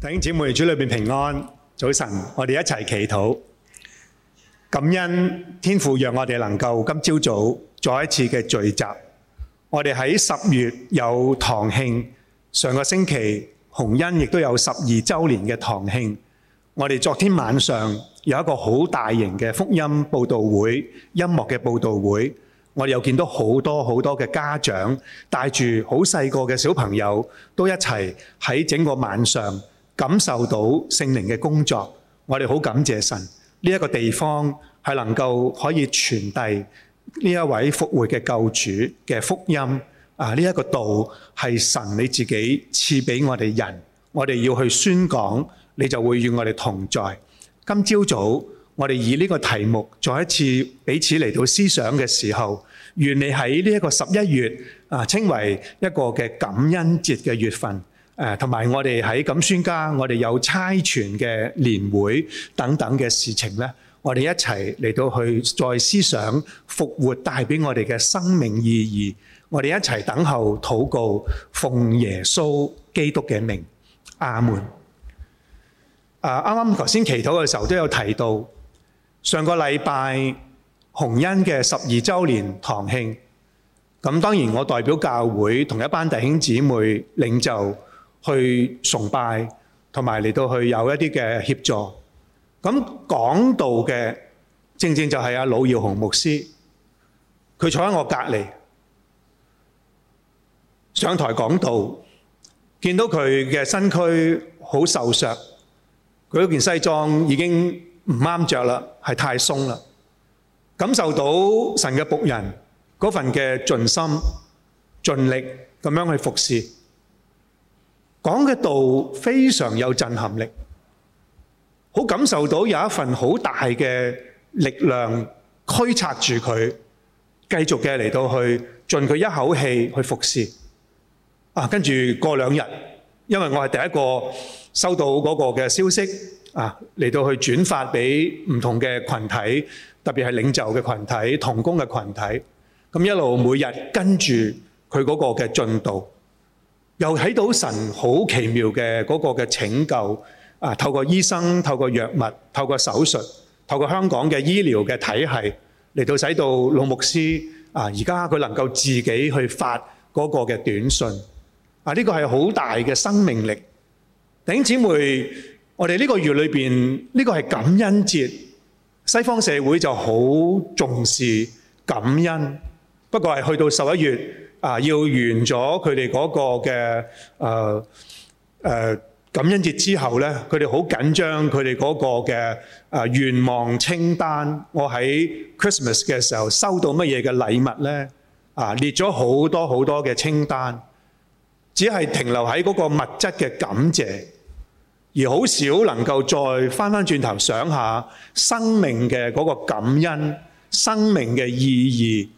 弟兄姊妹，主裏邊平安，早晨，我哋一齊祈禱，感恩天父讓我哋能夠今朝早再一次嘅聚集。我哋喺十月有堂慶，上個星期洪恩亦都有十二周年嘅堂慶。我哋昨天晚上有一個好大型嘅福音佈道會，音樂嘅佈道會，我哋又見到好多好多嘅家長帶住好細個嘅小朋友都一齊喺整個晚上。感受到聖靈嘅工作，我哋好感謝神。呢一個地方係能夠可以傳遞呢一位復活嘅救主嘅福音。啊，呢一個道係神你自己賜俾我哋人，我哋要去宣講，你就會與我哋同在。今朝早我哋以呢個題目再一次彼此嚟到思想嘅時候，願你喺呢一個十一月啊，稱為一個嘅感恩節嘅月份。誒，同埋我哋喺錦宣家，我哋有差傳嘅年會等等嘅事情呢。我哋一齊嚟到去再思想復活帶俾我哋嘅生命意義，我哋一齊等候禱告，奉耶穌基督嘅名，阿門。啱啱頭先祈禱嘅時候都有提到，上個禮拜紅恩嘅十二週年堂慶，咁當然我代表教會同一班弟兄姊妹領袖。去崇拜，同埋嚟到去有一啲嘅協助。咁講道嘅正正就係阿魯耀雄牧師，佢坐喺我隔離上台講道，見到佢嘅身軀好瘦削，佢件西裝已經唔啱着啦，係太鬆啦。感受到神嘅僕人嗰份嘅盡心盡力咁樣去服侍。講嘅道非常有震撼力，好感受到有一份好大嘅力量驅策住佢，繼續嘅嚟到去盡佢一口氣去服侍。啊，跟住過兩日，因為我係第一個收到嗰個嘅消息，啊嚟到去轉發俾唔同嘅群體，特別係領袖嘅群體、同工嘅群體，咁一路每日跟住佢嗰個嘅進度。又睇到神好奇妙嘅嗰個嘅拯救啊，透過醫生、透過藥物、透過手術、透過香港嘅醫療嘅體系，嚟到使到老牧師。啊，而家佢能夠自己去發嗰個嘅短信啊，呢、這個係好大嘅生命力。頂姊妹，我哋呢個月裏面，呢、這個係感恩節，西方社會就好重視感恩，不過係去到十一月。啊！要完咗佢哋嗰個嘅誒誒感恩節之後呢，佢哋好緊張佢哋嗰個嘅啊願望清單。我喺 Christmas 嘅時候收到乜嘢嘅禮物呢？啊，列咗好多好多嘅清單，只係停留喺嗰個物質嘅感謝，而好少能夠再返返轉頭想下生命嘅嗰個感恩、生命嘅意義。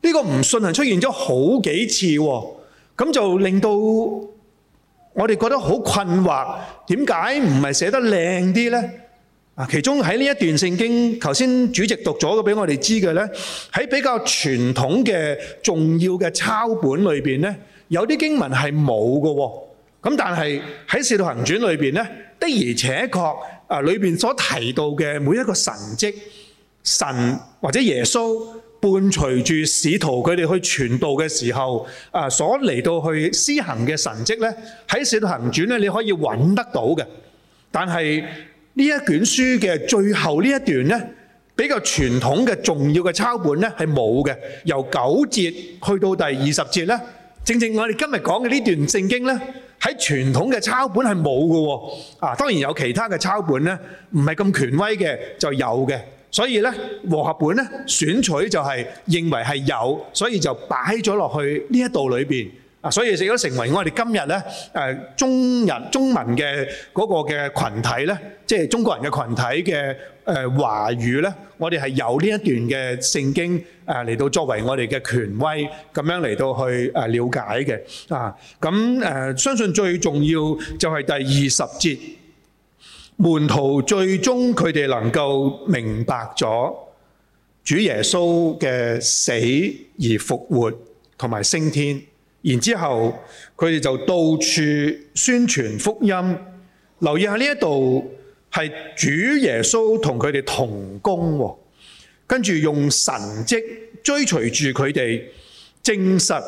呢個唔信行出現咗好幾次喎，咁就令到我哋覺得好困惑，點解唔係寫得靚啲呢？啊，其中喺呢一段聖經，頭先主席讀咗俾我哋知嘅呢，喺比較傳統嘅重要嘅抄本裏邊呢，有啲經文係冇嘅，咁但係喺《使徒行傳》裏邊呢，的而且確啊，裏邊所提到嘅每一個神蹟，神或者耶穌。伴隨住使徒佢哋去傳道嘅時候，啊，所嚟到去施行嘅神蹟咧，喺《使徒行傳》咧，你可以揾得到嘅。但係呢一卷書嘅最後呢一段咧，比較傳統嘅重要嘅抄本咧係冇嘅，由九節去到第二十節咧，正正我哋今日講嘅呢段聖經咧，喺傳統嘅抄本係冇嘅。啊，當然有其他嘅抄本咧，唔係咁權威嘅就有嘅。所以呢，和合本呢選取就係認為係有，所以就擺咗落去呢一度裏邊啊，所以亦都成為我哋今日呢誒中人中文嘅嗰個嘅羣體呢，即係中國人嘅羣體嘅誒華語呢，我哋係有呢一段嘅聖經誒嚟到作為我哋嘅權威咁樣嚟到去誒瞭解嘅啊。咁誒相信最重要就係第二十節。門徒最終佢哋能夠明白咗主耶穌嘅死而復活同埋升天，然之後佢哋就到處宣傳福音。留意下呢一度係主耶穌同佢哋同工，跟住用神蹟追隨住佢哋，證實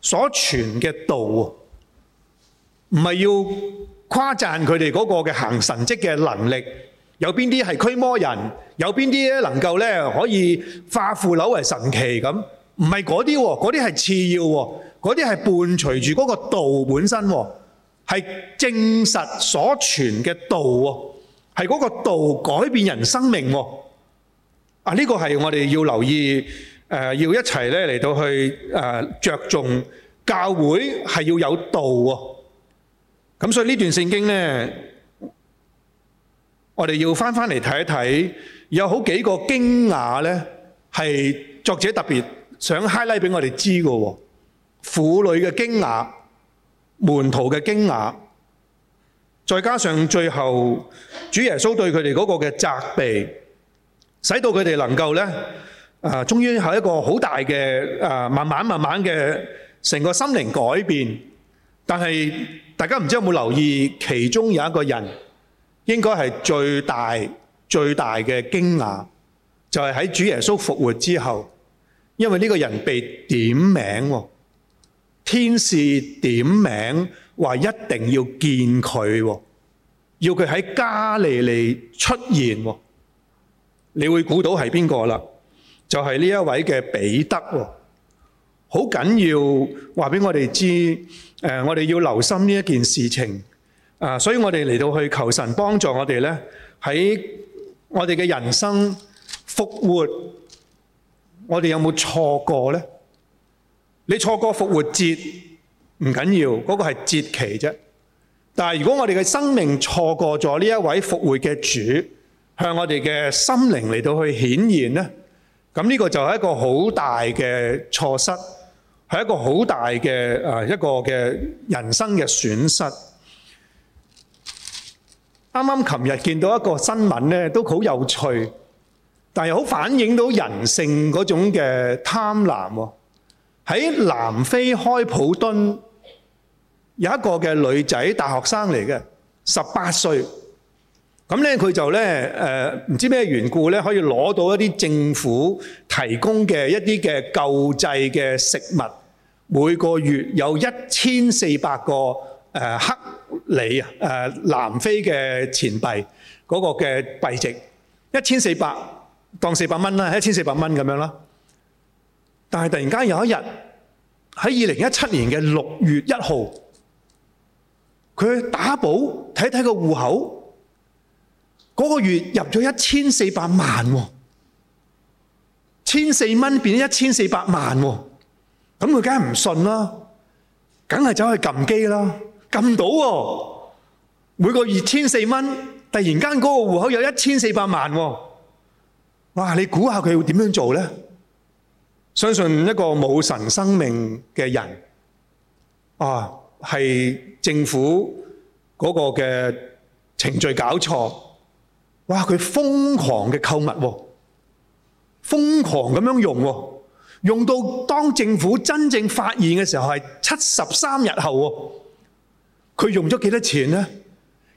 所傳嘅道，唔係要。誇讚佢哋嗰個嘅行神蹟嘅能力，有邊啲係驅魔人，有邊啲能夠呢可以化腐朽為神奇咁，唔係嗰啲，嗰啲係次要，嗰啲係伴隨住嗰個道本身，係證實所傳嘅道，係嗰個道改變人生命。啊，呢、這個係我哋要留意，誒、呃，要一齊呢嚟到去誒、呃、着重教會係要有道喎。咁所以呢段聖經呢，我哋要翻翻嚟睇一睇，有好幾個驚訝呢，係作者特別想 highlight 俾我哋知嘅。婦女嘅驚訝，門徒嘅驚訝，再加上最後主耶穌對佢哋嗰個嘅責備，使到佢哋能夠呢，啊，終於係一個好大嘅啊，慢慢慢慢嘅成個心靈改變，但係。大家唔知有冇留意，其中有一個人應該係最大、最大嘅驚訝，就係喺主耶穌復活之後，因為呢個人被點名喎，天使點名話一定要見佢喎，要佢喺加利利出現喎，你會估到係邊個啦？就係呢一位嘅彼得喎，好緊要，話俾我哋知。誒、呃，我哋要留心呢一件事情啊、呃，所以我哋嚟到去求神幫助我哋咧，喺我哋嘅人生復活，我哋有冇錯過呢？你錯過復活節唔緊要緊，嗰、那個係節期啫。但係如果我哋嘅生命錯過咗呢一位復活嘅主向我哋嘅心靈嚟到去顯現呢，咁呢個就係一個好大嘅錯失。係一個好大嘅誒一個嘅人生嘅損失。啱啱琴日見到一個新聞咧，都好有趣，但係好反映到人性嗰種嘅貪婪喎。喺南非開普敦有一個嘅女仔，大學生嚟嘅，十八歲。咁咧佢就咧誒唔知咩緣故咧，可以攞到一啲政府提供嘅一啲嘅救濟嘅食物。每個月有一千四百個誒克里誒南非嘅錢幣嗰、那個嘅幣值一千四百當四百蚊啦，一千四百蚊咁樣啦。但係突然間有一日喺二零一七年嘅六月一號，佢打簿睇睇個戶口嗰、那個月入咗一千四百萬喎、啊，千四蚊變咗一千四百萬喎、啊。咁佢梗係唔信啦，梗係走去撳機啦，撳到喎、哦，每個月千四蚊，突然間嗰個戶口有一千四百萬、哦，哇！你估下佢會點樣做呢？相信一個冇神生命嘅人，啊，係政府嗰個嘅程序搞錯，哇！佢瘋狂嘅購物、哦，喎，瘋狂咁樣用、哦。喎。用到當政府真正發現嘅時候，係七十三日後，佢用咗幾多錢呢？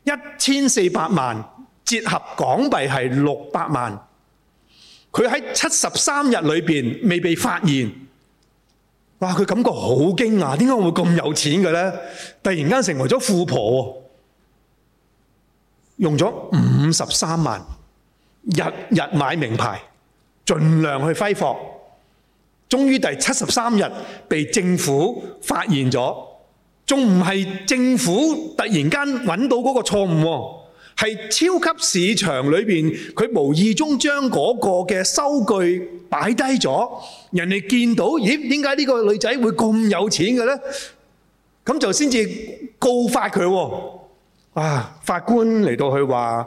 一千四百萬，折合港幣係六百萬。佢在七十三日裏面未被發現，哇！佢感覺好驚訝，點解會咁有錢嘅呢？突然間成為咗富婆，用咗五十三萬，日日買名牌，盡量去揮霍。終於第七十三日被政府發現咗，仲唔係政府突然間揾到嗰個錯誤？係超級市場裏邊，佢無意中將嗰個嘅收據擺低咗，人哋見到，咦？點解呢個女仔會咁有錢嘅呢？咁就先至告發佢喎。啊！法官嚟到佢話，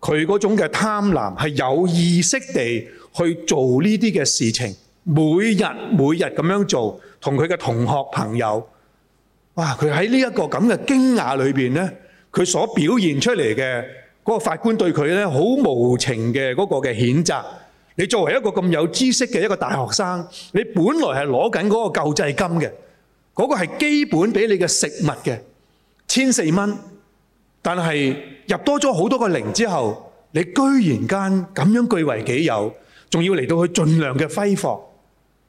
佢嗰種嘅貪婪係有意識地去做呢啲嘅事情。每日每日咁樣做，同佢嘅同學朋友，哇！佢喺呢一個咁嘅驚訝裏邊呢，佢所表現出嚟嘅嗰個法官對佢呢好無情嘅嗰個嘅譴責。你作為一個咁有知識嘅一個大學生，你本來係攞緊嗰個救濟金嘅，嗰個係基本俾你嘅食物嘅千四蚊，但係入多咗好多個零之後，你居然間咁樣據為己有，仲要嚟到去盡量嘅揮霍。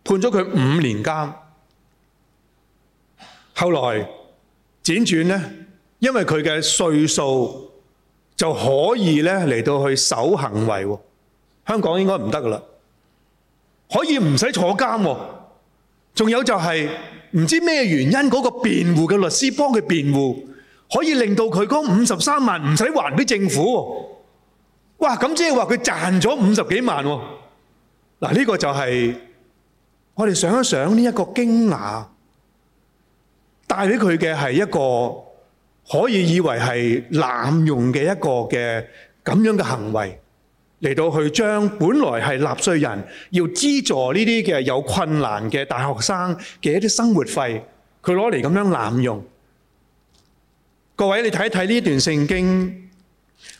判咗佢五年監，後來輾轉咧，因為佢嘅歲數就可以咧嚟到去守行為，香港應該唔得噶啦，可以唔使坐監。仲有就係唔知咩原因嗰個辯護嘅律師幫佢辯護，可以令到佢嗰五十三萬唔使還俾政府。哇，咁即係話佢賺咗五十幾萬。嗱呢個就係。我哋想一想呢一個驚訝，帶俾佢嘅係一個可以以為係濫用嘅一個嘅咁樣嘅行為，嚟到去將本來係納稅人要資助呢啲嘅有困難嘅大學生嘅一啲生活費，佢攞嚟咁樣濫用。各位，你睇一睇呢段聖經，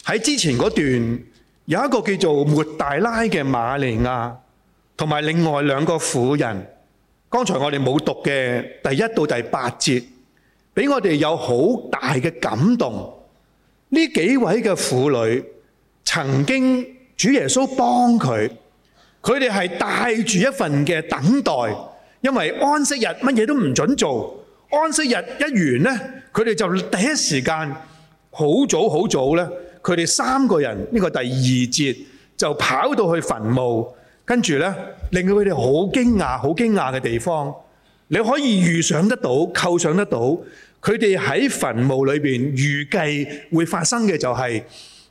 喺之前嗰段有一個叫做抹大拉嘅馬利亞。同埋另外兩個婦人，剛才我哋冇讀嘅第一到第八節，俾我哋有好大嘅感動。呢幾位嘅婦女曾經主耶穌幫佢，佢哋係帶住一份嘅等待，因為安息日乜嘢都唔準做。安息日一完，呢佢哋就第一時間好早好早，呢佢哋三個人呢，這個第二節就跑到去墳墓。跟住咧，令到佢哋好驚訝、好驚訝嘅地方，你可以預想得到、構想得到，佢哋喺墳墓裏邊預計會發生嘅就係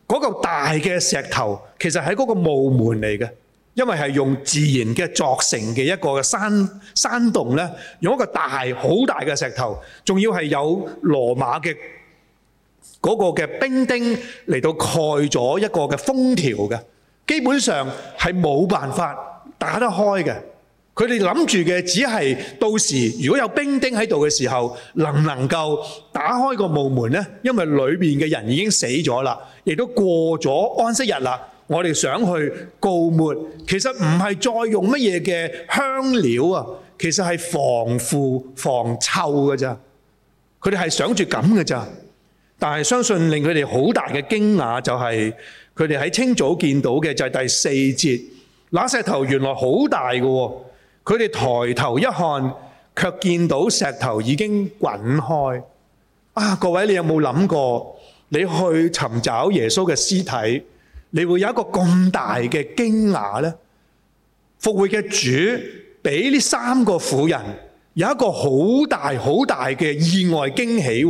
嗰嚿大嘅石頭，其實係嗰個墓門嚟嘅，因為係用自然嘅造成嘅一個山山洞咧，用一個大好大嘅石頭，仲要係有羅馬嘅嗰個嘅兵丁嚟到蓋咗一個嘅封條嘅。基本上係冇辦法打得開嘅，佢哋諗住嘅只係到時如果有兵丁喺度嘅時候，能唔能夠打開個墓門呢？因為裏面嘅人已經死咗啦，亦都過咗安息日啦。我哋想去膏抹，其實唔係再用乜嘢嘅香料啊，其實係防腐防臭㗎。咋，佢哋係想住咁㗎。咋，但係相信令佢哋好大嘅驚訝就係、是。佢哋喺清早見到嘅就係第四節，那石頭原來好大嘅。佢哋抬頭一看，卻見到石頭已經滾開。啊，各位，你有冇諗過？你去尋找耶穌嘅屍體，你會有一個咁大嘅驚訝呢？復活嘅主俾呢三個婦人有一個好大好大嘅意外驚喜，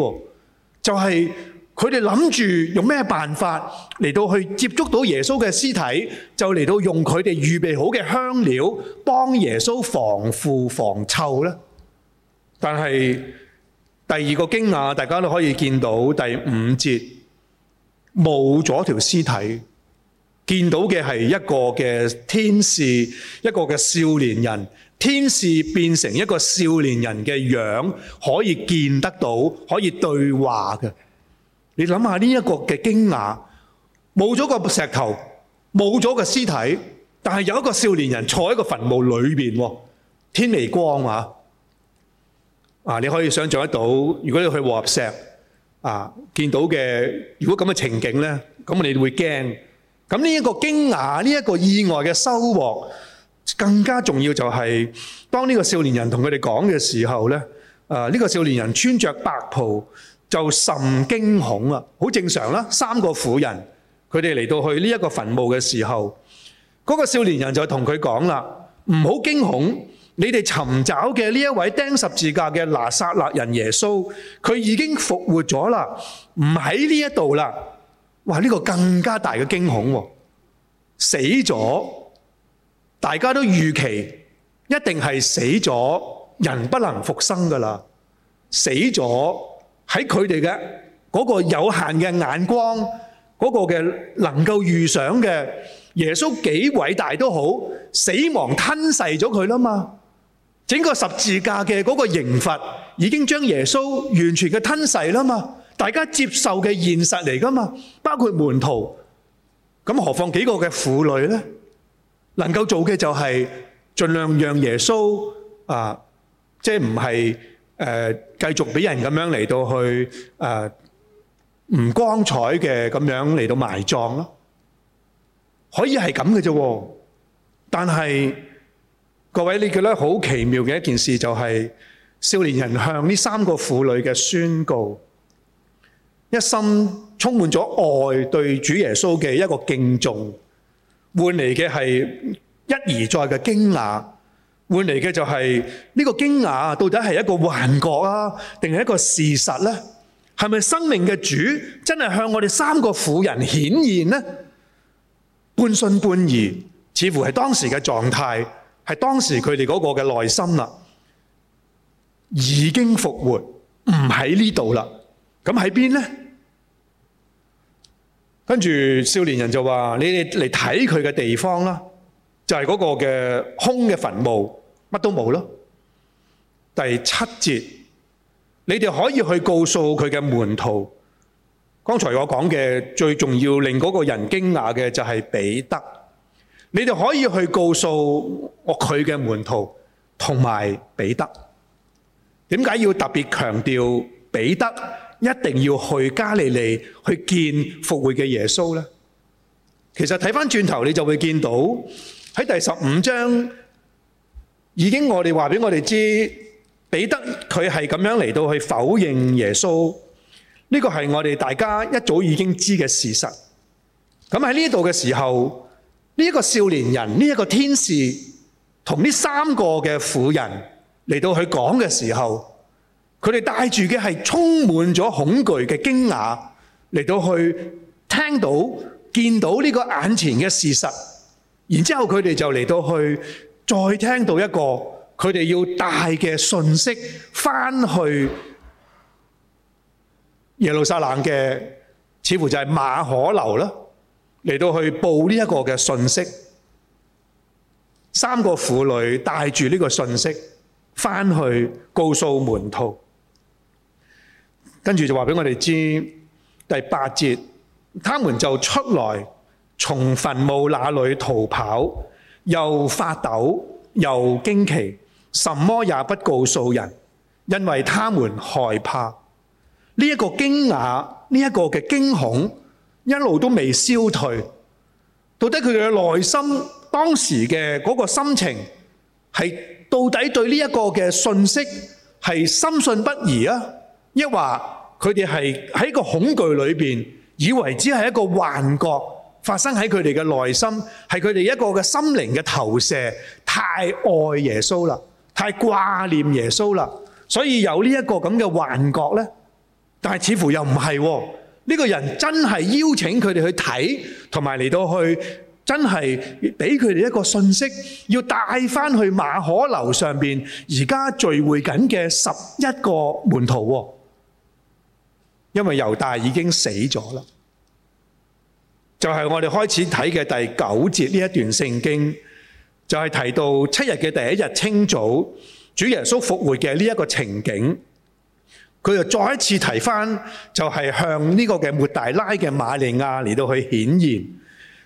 就係。佢哋諗住用咩辦法嚟到去接觸到耶穌嘅屍體，就嚟到用佢哋預備好嘅香料幫耶穌防腐防臭呢。但係第二個驚訝，大家都可以見到第五節冇咗條屍體，見到嘅係一個嘅天使，一個嘅少年人。天使變成一個少年人嘅樣，可以見得到，可以對話嘅。你諗下呢一個嘅驚訝，冇咗個石頭，冇咗個屍體，但係有一個少年人坐喺個墳墓裏邊，天未光嘛、啊，啊，你可以想象得到，如果你去和合石啊，見到嘅如果咁嘅情景呢，咁你哋會驚。咁呢一個驚訝，呢、這、一個意外嘅收穫，更加重要就係、是、當呢個少年人同佢哋講嘅時候呢，誒、啊，呢、這個少年人穿着白袍。就甚驚恐啊，好正常啦。三個婦人佢哋嚟到去呢一個墳墓嘅時候，嗰個少年人就同佢講啦：唔好驚恐，你哋尋找嘅呢一位釘十字架嘅拿撒勒人耶穌，佢已經復活咗啦，唔喺呢一度啦。哇，呢個更加大嘅驚恐，死咗，大家都預期一定係死咗，人不能復生噶啦，死咗。喺佢哋嘅嗰個有限嘅眼光，嗰個嘅能夠預想嘅耶穌幾偉大都好，死亡吞噬咗佢啦嘛。整個十字架嘅嗰個刑罰已經將耶穌完全嘅吞噬啦嘛。大家接受嘅現實嚟㗎嘛，包括門徒。咁何況幾個嘅婦女呢，能夠做嘅就係盡量讓耶穌啊，即係唔係？誒繼續俾人咁樣嚟到去誒唔光彩嘅咁樣嚟到埋葬咯，可以係咁嘅啫。但係各位，你覺得好奇妙嘅一件事就係少年人向呢三個婦女嘅宣告，一心充滿咗愛對主耶穌嘅一個敬重，換嚟嘅係一而再嘅驚訝。換來的就是這個驚訝，到底是一個幻覺啊，定是一個事實呢？是不是生命的主真的向我們三個婦人顯現呢？半信半疑，似乎是當時的狀態，是當時他們那個的內心了。已經復活唔喺呢度啦，咁喺邊呢？跟住少年人就說，你哋嚟睇佢嘅地方啦。就係嗰個嘅空嘅墳墓，乜都冇咯。第七節，你哋可以去告訴佢嘅門徒。剛才我講嘅最重要，令嗰個人驚訝嘅就係彼得。你哋可以去告訴我佢嘅門徒同埋彼得。點解要特別強調彼得一定要去加利利去見復活嘅耶穌呢？其實睇返轉頭，你就會見到。喺第十五章，已經我哋話俾我哋知，彼得佢係咁樣嚟到去否認耶穌，呢個係我哋大家一早已經知嘅事實。咁喺呢度嘅時候，呢一個少年人，呢一個天使，同呢三個嘅婦人嚟到去講嘅時候，佢哋帶住嘅係充滿咗恐懼嘅驚訝嚟到去聽到見到呢個眼前嘅事實。然後佢哋就嚟到去，再聽到一個佢哋要帶嘅信息，返去耶路撒冷嘅，似乎就係馬可樓啦，嚟到去報呢一個嘅信息。三個婦女帶住呢個信息，返去告訴門徒，跟住就話俾我哋知第八節，他們就出來。從墳墓那裏逃跑，又發抖又驚奇，什麼也不告訴人，因為他們害怕。呢、這、一個驚訝，呢、這、一個嘅驚恐，一路都未消退。到底佢哋嘅內心當時嘅嗰個心情，係到底對呢一個嘅訊息係深信不疑啊？抑或佢哋係喺個恐懼裏邊，以為只係一個幻覺？發生喺佢哋嘅內心，係佢哋一個嘅心靈嘅投射，太愛耶穌啦，太掛念耶穌啦，所以有呢一個咁嘅幻覺呢。但係似乎又唔係，呢個人真係邀請佢哋去睇，同埋嚟到去真係俾佢哋一個信息，要帶翻去馬可樓上邊而家聚會緊嘅十一個門徒，因為猶大已經死咗啦。就係我哋開始睇嘅第九節呢一段聖經，就係提到七日嘅第一日清早，主耶穌復活嘅呢一個情景，佢又再一次提返，就係向呢個嘅抹大拉嘅瑪利亞嚟到去顯現，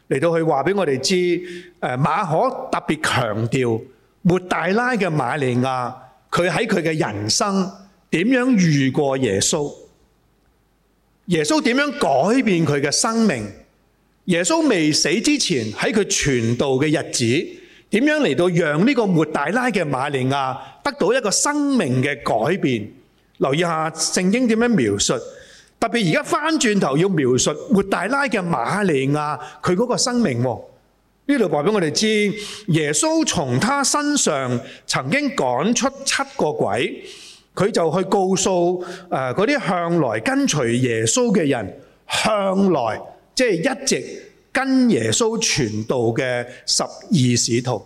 嚟到去話俾我哋知，誒馬可特別強調抹大拉嘅瑪利亞，佢喺佢嘅人生點樣遇過耶穌，耶穌點樣改變佢嘅生命。耶穌未死之前喺佢傳道嘅日子，點樣嚟到讓呢個抹大拉嘅瑪利亞得到一個生命嘅改變？留意下聖經點樣描述，特別而家翻轉頭要描述抹大拉嘅瑪利亞佢嗰個生命。呢度話俾我哋知，耶穌從他身上曾經趕出七個鬼，佢就去告訴誒嗰啲向來跟隨耶穌嘅人，向來。即係一直跟耶穌傳道嘅十二使徒，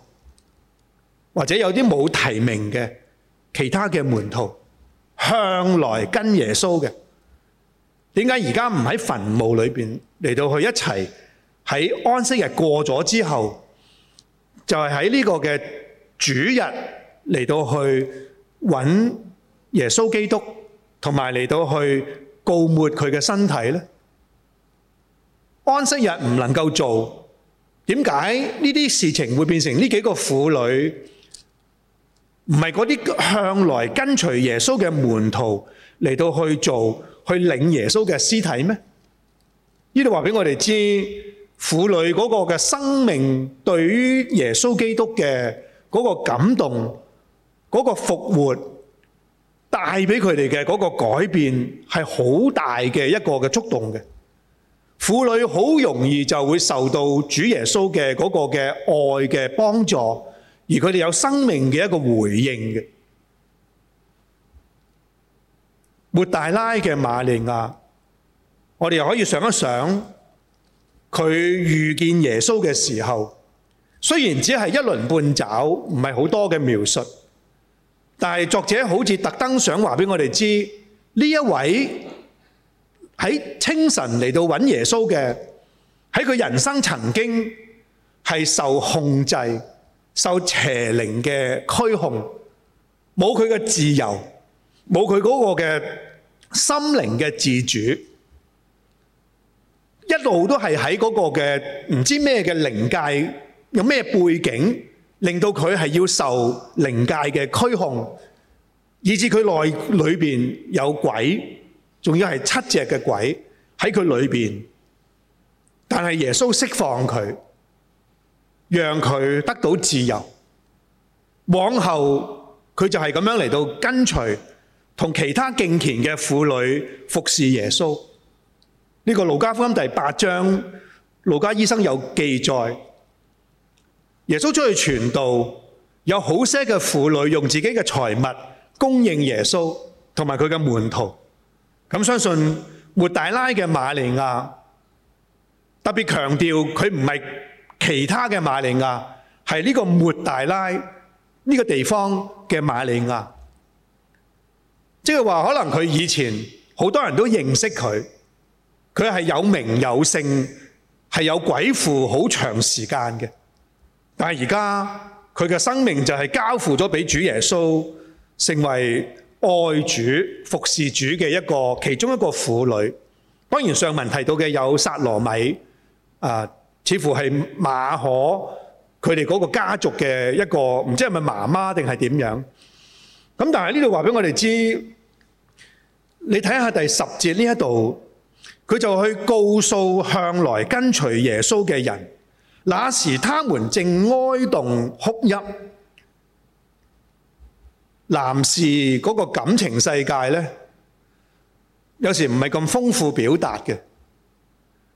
或者有啲冇提名嘅其他嘅門徒，向來跟耶穌嘅，點解而家唔喺墳墓裏邊嚟到去一齊喺安息日過咗之後，就係喺呢個嘅主日嚟到去揾耶穌基督，同埋嚟到去膏抹佢嘅身體呢？安息日唔能夠做，點解呢啲事情會變成呢幾個婦女唔係嗰啲向來跟隨耶穌嘅門徒嚟到去做，去領耶穌嘅屍體咩？呢度話俾我哋知，婦女嗰個嘅生命對於耶穌基督嘅嗰個感動、嗰個復活，帶俾佢哋嘅嗰個改變，係好大嘅一個嘅觸動嘅。婦女好容易就會受到主耶穌嘅嗰個嘅愛嘅幫助，而佢哋有生命嘅一個回應嘅。抹大拉嘅馬利亞，我哋又可以想一想，佢遇見耶穌嘅時候，雖然只係一鱗半爪，唔係好多嘅描述，但係作者好似特登想話俾我哋知呢一位。喺清晨嚟到揾耶穌嘅，喺佢人生曾經係受控制、受邪靈嘅驅控，冇佢嘅自由，冇佢嗰個嘅心靈嘅自主，一路都係喺嗰個嘅唔知咩嘅靈界，有咩背景，令到佢係要受靈界嘅驅控，以至佢內裏邊有鬼。仲要係七隻嘅鬼喺佢裏面，但係耶穌釋放佢，讓佢得到自由。往後佢就係噉樣嚟到跟隨同其他敬虔嘅婦女服侍耶穌。呢、這個路加福音第八章，路加醫生有記載，耶穌出去傳道，有好些嘅婦女用自己嘅財物供應耶穌同埋佢嘅門徒。咁相信抹大拉嘅馬利亞特別強調佢唔係其他嘅馬利亞，係呢個抹大拉呢個地方嘅馬利亞。即係話可能佢以前好多人都認識佢，佢係有名有姓，係有鬼附好長時間嘅。但係而家佢嘅生命就係交付咗俾主耶穌，成為，愛主服侍主嘅一個，其中一個婦女，當然上文提到嘅有撒羅米，呃，似乎係馬可佢哋嗰個家族嘅一個，唔知係咪媽媽定係點樣，咁但係呢度話俾我哋知，你睇下第十節呢一度，佢就去告訴向來跟隨耶穌嘅人，那時他們正哀慟哭泣。男士嗰個感情世界呢，有時唔係咁豐富表達嘅。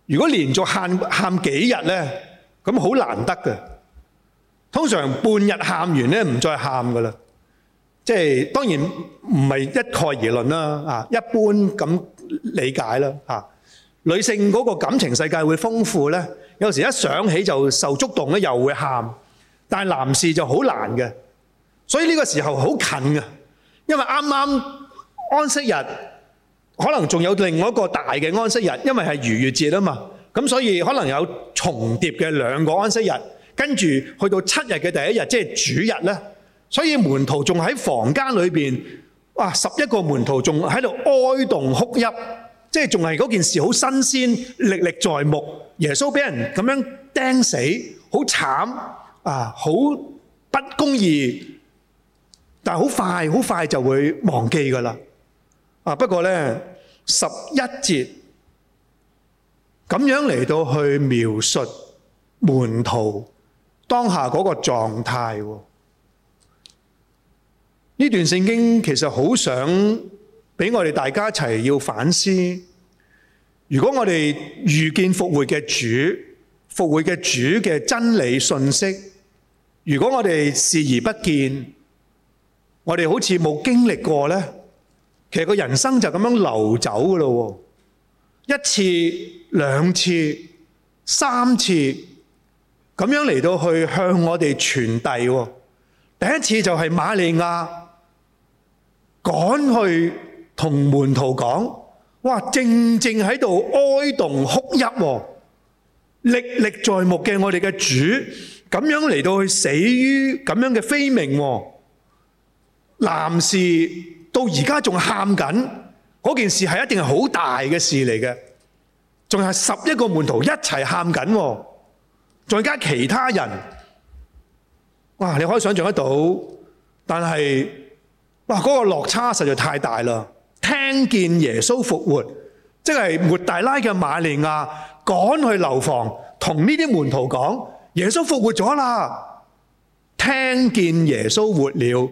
如果連續喊喊幾日呢，咁好難得嘅。通常半日喊完呢，唔再喊㗎喇。即係當然唔係一概而論啦，啊，一般噉理解啦，吓。女性嗰個感情世界會豐富呢，有時一想起就受觸動呢，又會喊。但係男士就好難嘅。所以呢個時候好近㗎，因為啱啱安息日可能仲有另外一個大嘅安息日，因為係逾越節啊嘛，咁所以可能有重疊嘅兩個安息日。跟住去到七日嘅第一日，即係主日咧，所以門徒仲喺房間裏邊，哇！十一個門徒仲喺度哀慟哭泣，即係仲係嗰件事好新鮮、歷歷在目。耶穌俾人咁樣釘死，好慘啊！好不公義。但係好快，好快就會忘記噶啦。啊，不過呢，十一節咁樣嚟到去描述門徒當下嗰個狀態，呢段聖經其實好想俾我哋大家一齊要反思。如果我哋遇見復活嘅主，復活嘅主嘅真理信息，如果我哋視而不見。我哋好似冇經歷過咧，其實個人生就咁樣流走噶咯，一次、兩次、三次，咁樣嚟到去向我哋傳遞。第一次就係瑪利亞趕去同門徒講：「哇，靜靜喺度哀慟哭泣，歷歷在目嘅我哋嘅主，咁樣嚟到去死於咁樣嘅非命。男士到而家仲喊緊，嗰件事係一定係好大嘅事嚟嘅，仲係十一個門徒一齊喊緊，再加其他人，哇！你可以想象得到，但係哇，嗰個落差實在太大啦！聽見耶穌復活，即係抹大拉嘅馬利亞趕去樓房，同呢啲門徒講：耶穌復活咗啦！聽見耶穌活了。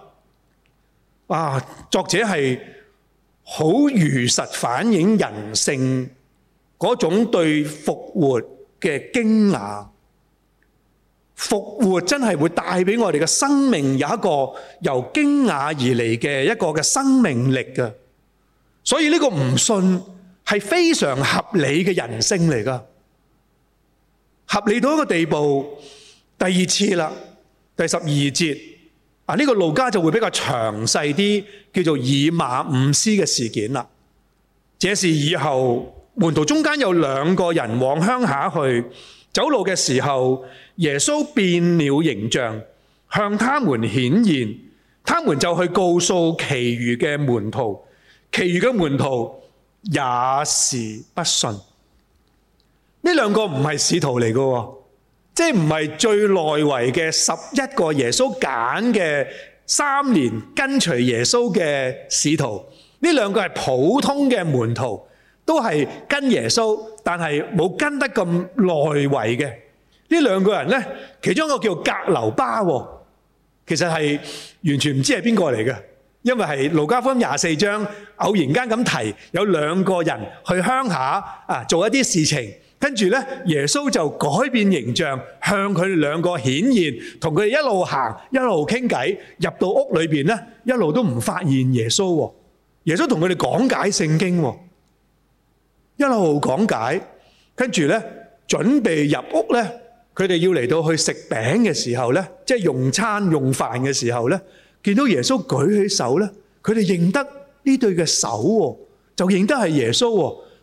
啊、作者係好如實反映人性嗰種對復活嘅驚訝，復活真係會帶畀我哋嘅生命有一個由驚訝而嚟嘅一個嘅生命力嘅，所以呢個唔信係非常合理嘅人性嚟㗎，合理到一個地步。第二次啦，第十二節。呢個路加就會比較詳細啲，叫做以馬忤斯嘅事件啦。這是以後門徒中間有兩個人往鄉下去走路嘅時候，耶穌變了形象向他們顯現，他們就去告訴其餘嘅門徒，其餘嘅門徒也是不信。呢兩個唔係使徒嚟㗎喎。即係唔係最內圍嘅十一個耶穌揀嘅三年跟隨耶穌嘅使徒，呢兩個係普通嘅門徒，都係跟耶穌，但係冇跟得咁內圍嘅。呢兩個人呢，其中一個叫格樓巴，其實係完全唔知係邊個嚟嘅，因為係路加福音廿四章偶然間咁提，有兩個人去鄉下啊做一啲事情。跟住咧，耶穌就改變形象，向佢哋兩個顯現，同佢哋一路行，一路傾偈，入到屋裏邊咧，一路都唔發現耶穌喎。耶穌同佢哋講解聖經喎，一路講解，跟住咧準備入屋咧，佢哋要嚟到去食餅嘅時候咧，即係用餐用飯嘅時候咧，見到耶穌舉起手咧，佢哋認得呢對嘅手喎，就認得係耶穌喎。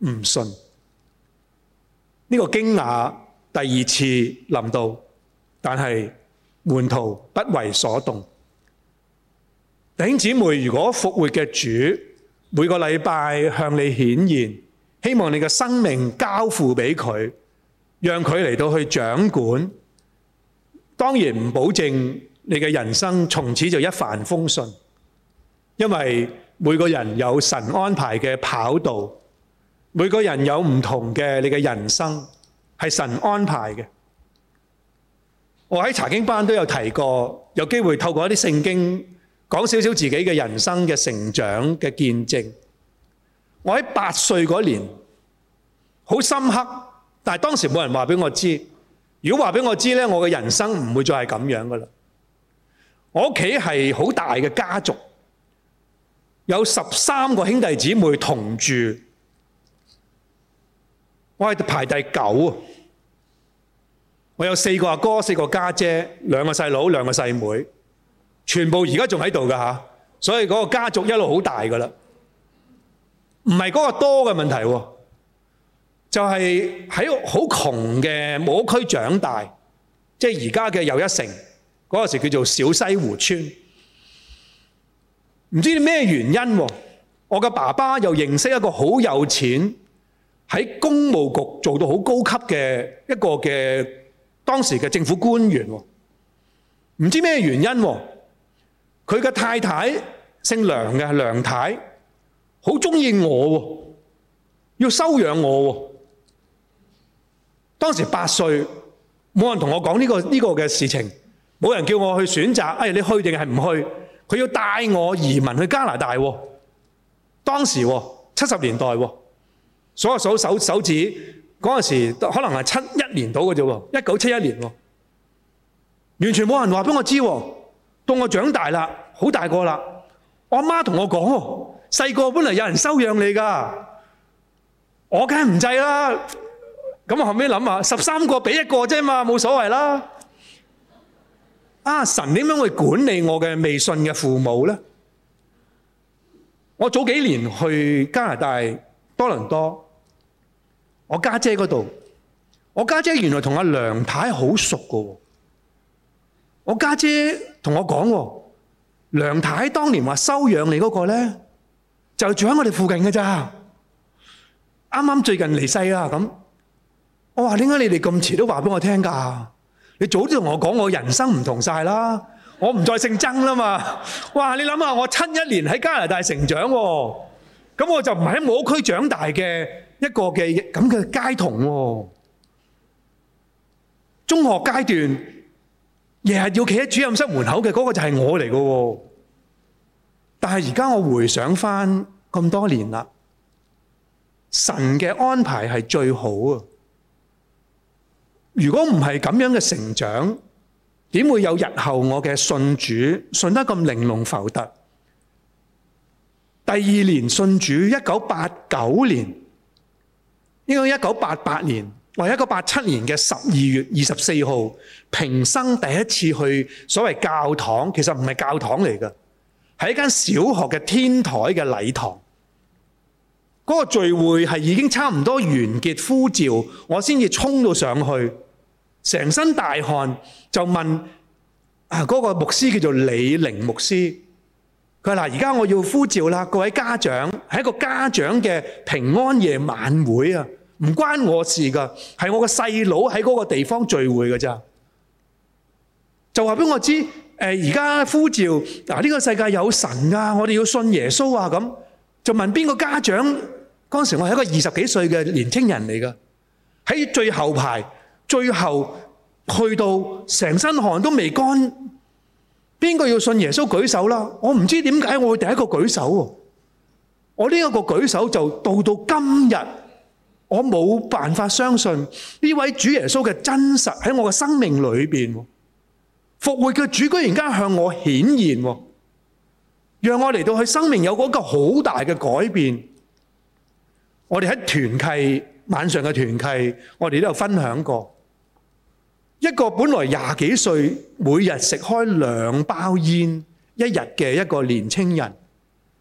唔信，呢個驚訝第二次臨到，但係門徒不為所動。弟兄姊妹，如果復活嘅主每個禮拜向你顯現，希望你嘅生命交付俾佢，讓佢嚟到去掌管。當然唔保證你嘅人生從此就一帆風順，因為每個人有神安排嘅跑道。每個人有唔同嘅，你嘅人生係神安排嘅。我喺查經班都有提過，有機會透過一啲聖經講少少自己嘅人生嘅成長嘅見證。我喺八歲嗰年，好深刻，但當時冇人話俾我知。如果話俾我知，我嘅人生唔會再係咁樣噶啦。我屋企係好大嘅家族，有十三個兄弟姊妹同住。我係排第九，我有四個阿哥、四個家姐、兩個細佬、兩個細妹，全部而家仲喺度㗎，吓，所以嗰個家族一路好大㗎喇。唔係嗰個多嘅問題，就係喺好窮嘅冇區長大，即係而家嘅又一城嗰陣時叫做小西湖村。唔知咩原因，我嘅爸爸又認識一個好有錢，喺公務局做到好高級嘅一個嘅當時嘅政府官員，唔知咩原因，佢嘅太太姓梁嘅，係梁太好中意我喎，要收養我喎。當時八歲，冇人同我講呢個呢個嘅事情，冇人叫我去選擇，哎你去定係唔去？佢要帶我移民去加拿大喎。當時七十年代喎。數一數手，手指，嗰陣時可能係七一年到嘅啫喎，一九七一年喎，完全冇人話俾我知喎。到我長大啦，好大個啦，我媽同我講喎，細個本嚟有人收養你㗎，我梗係唔制啦。咁我後尾諗下，十三個俾一個啫嘛，冇所謂啦。阿、啊、神點樣會管理我嘅未信嘅父母呢？我早幾年去加拿大多倫多。我家姐嗰度，我家姐，姐原來同阿梁太好熟噶。我家姐同我講，梁太，太當年話收養你嗰、那個咧，就住喺我哋附近㗎。咋。啱啱最近離世啦咁。我話點解你哋咁遲都話俾我聽㗎？你早啲同我講，我人生唔同晒啦。我唔再姓曾啦嘛。哇！你諗下，我七一年喺加拿大成長，咁我就唔喺我屋區長大嘅。一個嘅咁嘅街童喎。哦，中學階段日日要企喺主任室門口嘅嗰個就係我嚟嘅喎。但係而家我回想返咁多年啦，神嘅安排係最好啊！如果唔係咁樣嘅成長，點會有日後我嘅信主信得咁玲瓏浮突？第二年信主，一九八九年。呢個一九八八年，或者一九八七年嘅十二月二十四號，平生第一次去所謂教堂，其實唔係教堂嚟嘅，係一間小學嘅天台嘅禮堂。嗰、那個聚會係已經差唔多完結，呼召我先至衝到上去，成身大汗就問啊嗰、那個牧師叫做李寧牧師，佢話：嗱，而家我要呼召啦，各位家長。係一個家長嘅平安夜晚會啊，唔關我事噶，係我嘅細佬喺嗰個地方聚會噶咋，就話俾我知，誒而家呼召，嗱呢個世界有神啊，我哋要信耶穌啊咁，就問邊個家長，嗰時我係一個二十幾歲嘅年青人嚟噶，喺最後排，最後去到成身汗都未乾，邊個要信耶穌舉手啦？我唔知點解我會第一個舉手。我呢一個舉手就到到今日，我冇辦法相信呢位主耶穌嘅真實喺我嘅生命裏邊，復活嘅主，居然間向我顯現，讓我嚟到佢生命有嗰個好大嘅改變。我哋喺團契晚上嘅團契，我哋都有分享過一個本來廿幾歲，每日食開兩包煙一日嘅一個年青人。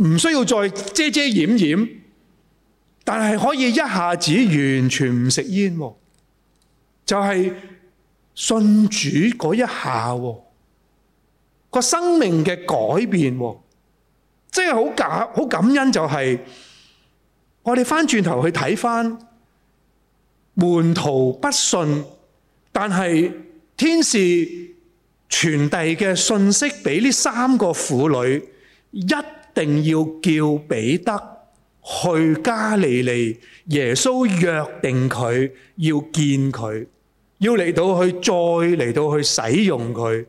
唔需要再遮遮掩掩，但係可以一下子完全唔食煙，就係、是、信主嗰一下個生命嘅改變，即係好感好感恩就係、是、我哋翻轉頭去睇翻，門徒不信，但係天使傳遞嘅信息俾呢三個婦女一。一定要叫彼得去加利利，耶穌約定佢要見佢，要嚟到去，再嚟到去使用佢。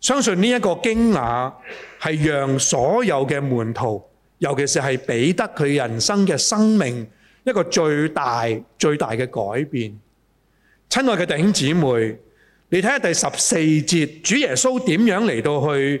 相信呢一個驚訝係讓所有嘅門徒，尤其是係彼得佢人生嘅生命一個最大最大嘅改變。親愛嘅弟兄姊妹，你睇下第十四節，主耶穌點樣嚟到去？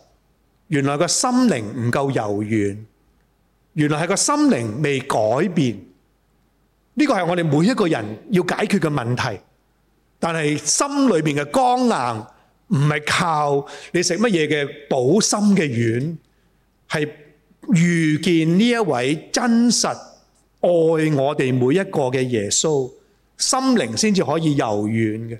原來個心靈唔夠柔軟，原來係個心靈未改變。呢個係我哋每一個人要解決嘅問題。但係心裏邊嘅剛硬唔係靠你食乜嘢嘅保心嘅丸，係遇見呢一位真實愛我哋每一個嘅耶穌，心靈先至可以柔軟嘅。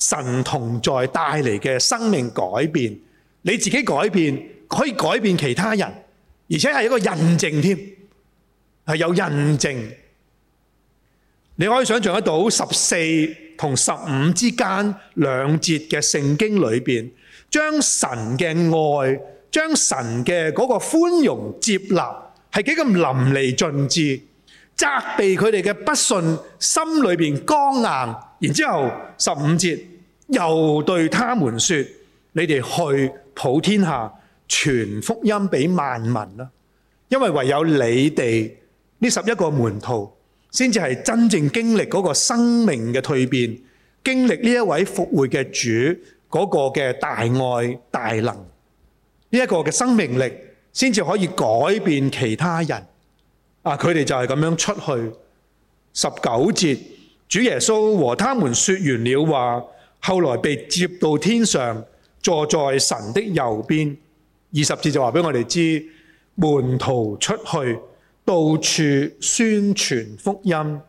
神同在帶嚟嘅生命改變，你自己改變可以改變其他人，而且係一個印證添，係有印證。你可以想象得到十四同十五之間兩節嘅聖經裏邊，將神嘅愛，將神嘅嗰個寬容接納，係幾咁淋漓盡致。責備佢哋嘅不信，心裏邊剛硬。然之後十五節又對他們說：你哋去普天下傳福音俾萬民啦。因為唯有你哋呢十一個門徒，先至係真正經歷嗰個生命嘅蛻變，經歷呢一位復活嘅主嗰個嘅大愛大能，呢一個嘅生命力，先至可以改變其他人。啊！佢哋就係咁樣出去。十九節，主耶穌和他們說完了話，後來被接到天上，坐在神的右邊。二十節就話俾我哋知，門徒出去，到處宣傳福音。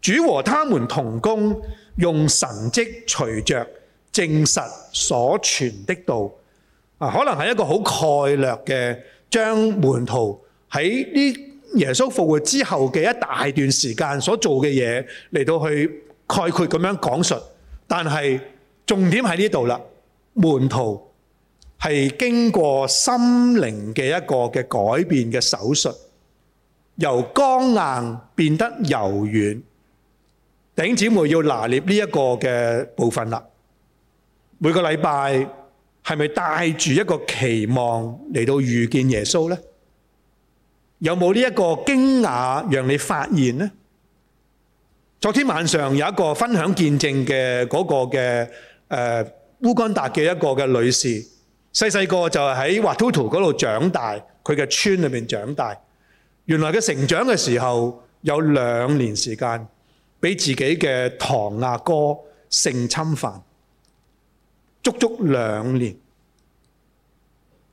主和他們同工，用神蹟隨着證實所傳的道。可能係一個好概略嘅，將門徒喺呢，耶穌復活之後嘅一大段時間所做嘅嘢嚟到去概括咁樣講述，但係重點喺呢度啦。門徒係經過心靈嘅一個嘅改變嘅手術，由剛硬變得柔軟。弟兄姊妹要拿捏呢一個嘅部分啦。每個禮拜係咪帶住一個期望嚟到遇見耶穌呢？有冇呢一個驚訝讓你發現呢？昨天晚上有一個分享見證嘅嗰個嘅誒、呃、烏干達嘅一個嘅女士，細細個就喺瓦圖圖嗰度長大，佢嘅村裏面長大。原來佢成長嘅時候有兩年時間俾自己嘅堂阿、啊、哥性侵犯，足足兩年。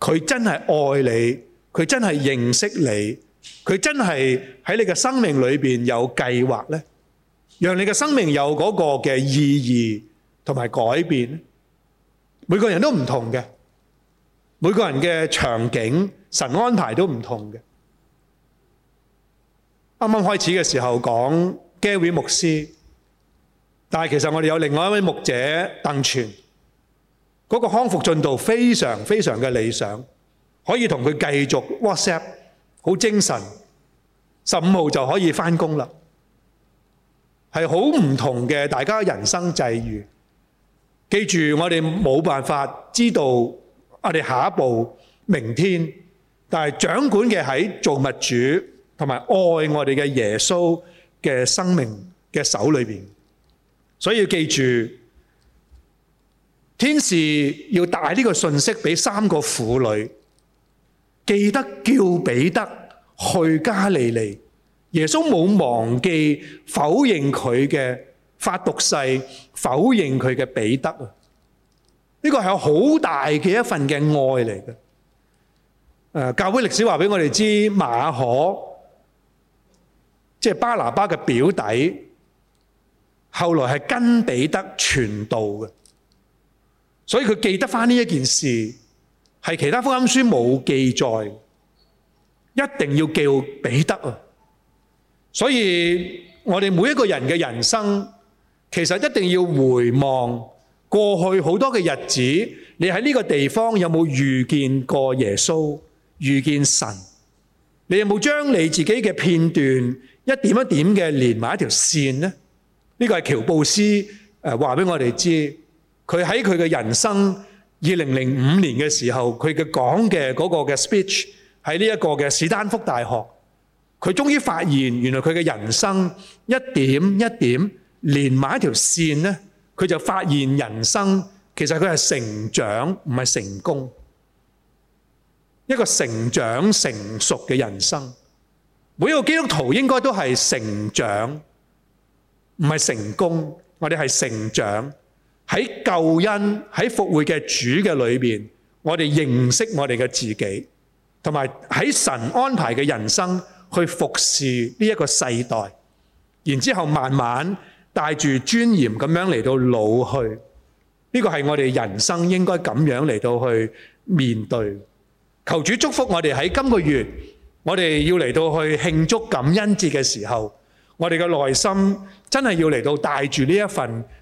佢真係愛你，佢真係認識你，佢真係喺你嘅生命裏邊有計劃咧，讓你嘅生命有嗰個嘅意義同埋改變。每個人都唔同嘅，每個人嘅場景神安排都唔同嘅。啱啱開始嘅時候講 Gary 牧師，但係其實我哋有另外一位牧者鄧泉。嗰個康復進度非常非常嘅理想，可以同佢繼續 WhatsApp，好精神，十五號就可以返工啦。係好唔同嘅大家人生際遇。記住，我哋冇辦法知道我哋下一步明天，但係掌管嘅喺造物主同埋愛我哋嘅耶穌嘅生命嘅手裏邊，所以要記住。天使要帶呢個信息俾三個婦女，記得叫彼得去加利利。耶穌冇忘記否認佢嘅發毒誓，否認佢嘅彼得這呢個係好大嘅一份嘅愛嚟嘅。教會歷史話俾我哋知，馬可即係、就是、巴拿巴嘅表弟，後來係跟彼得傳道嘅。所以佢記得翻呢一件事，係其他福音書冇記載，一定要叫彼得啊！所以我哋每一個人嘅人生，其實一定要回望過去好多嘅日子，你喺呢個地方有冇遇見過耶穌、遇見神？你有冇將你自己嘅片段一點一點嘅連埋一條線呢？呢個係喬布斯誒話俾我哋知。佢喺佢嘅人生二零零五年嘅時候，佢嘅講嘅嗰個嘅 speech 喺呢一個嘅史丹福大學，佢終於發現原來佢嘅人生一點一點連埋一條線咧，佢就發現人生其實佢係成長，唔係成功，一個成長成熟嘅人生。每一個基督徒應該都係成長，唔係成功。我哋係成長。喺救恩喺復活嘅主嘅裏邊，我哋認識我哋嘅自己，同埋喺神安排嘅人生去服侍呢一個世代，然之後慢慢帶住尊嚴咁樣嚟到老去，呢個係我哋人生應該咁樣嚟到去面對。求主祝福我哋喺今個月，我哋要嚟到去慶祝感恩節嘅時候，我哋嘅內心真係要嚟到帶住呢一份。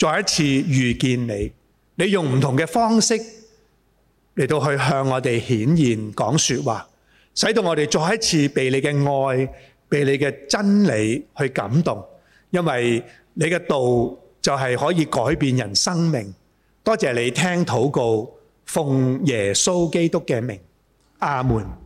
再一次遇見你，你用唔同嘅方式嚟到去向我哋顯現講說話，使到我哋再一次被你嘅愛，被你嘅真理去感動，因為你嘅道就係可以改變人生命。多謝你聽禱告，奉耶穌基督嘅名，阿門。